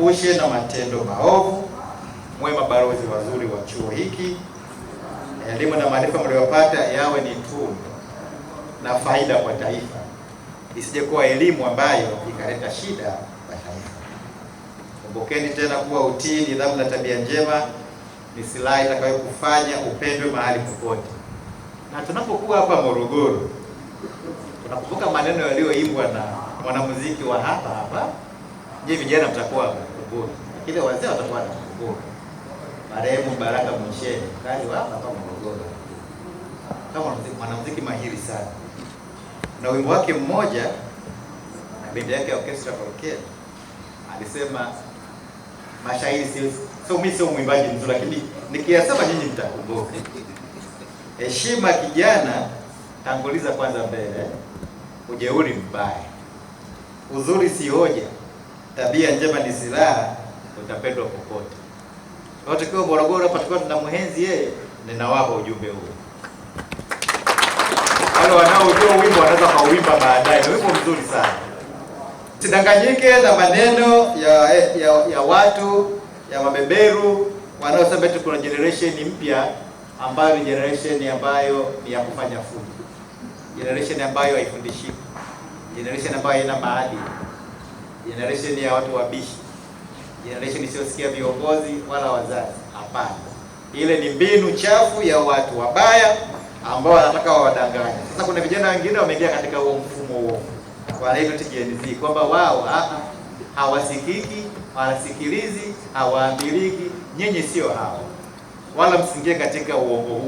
tuepushe na matendo maovu. Mwe mabalozi wazuri wa chuo hiki. Elimu na maarifa mliyopata yawe ni tunu na faida kwa taifa, isije kuwa elimu ambayo ikaleta shida kwa taifa. Kumbukeni tena kuwa utii, nidhamu na tabia njema ni silaha itakayokufanya upendwe mahali popote. Na tunapokuwa hapa Morogoro, tunakumbuka maneno yaliyoimbwa na mwanamuziki wa hapa hapa Je, vijana mtakuwa Mkumbuni? Ile wazee watakuwa na Mkumbuni. Marehemu Baraka Msheni kazi hapa kama Morogoro, kama mwanamuziki mahiri sana, na wimbo wake mmoja na bendi yake ya orchestra Volcano alisema mashairi sio, mimi sio mwimbaji mzuri, lakini nikiyasema nyinyi mtakumbuka. Heshima kijana, tanguliza kwanza mbele. Ujeuri mbaya, uzuri si hoja tabia njema ni silaha, utapendwa popote. Wote kwa Morogoro hapa tulikuwa tunamhenzi yeye, ninawapa ujumbe huu. Wale wanaojua wimbo wanaweza kauimba baadaye, wimbo mzuri sana. Sidanganyike na maneno ya, ya, ya watu ya mabeberu wanaosema eti kuna generation mpya ambayo ni generation ambayo ni ya kufanya fujo, generation ambayo haifundishiki, generation ambayo haina maadili generation ya watu wabishi, generation isiyosikia viongozi wala wazazi. Hapana, ile ni mbinu chafu ya watu wabaya ambao wanataka wawadanganye. Sasa kuna vijana wengine wameingia katika huo mfumo huo, wanaitwa Gen Z kwamba wao hawasikiki, hawasikilizi, hawaambiliki. Nyinyi sio hao, wala msingie katika uongo huo.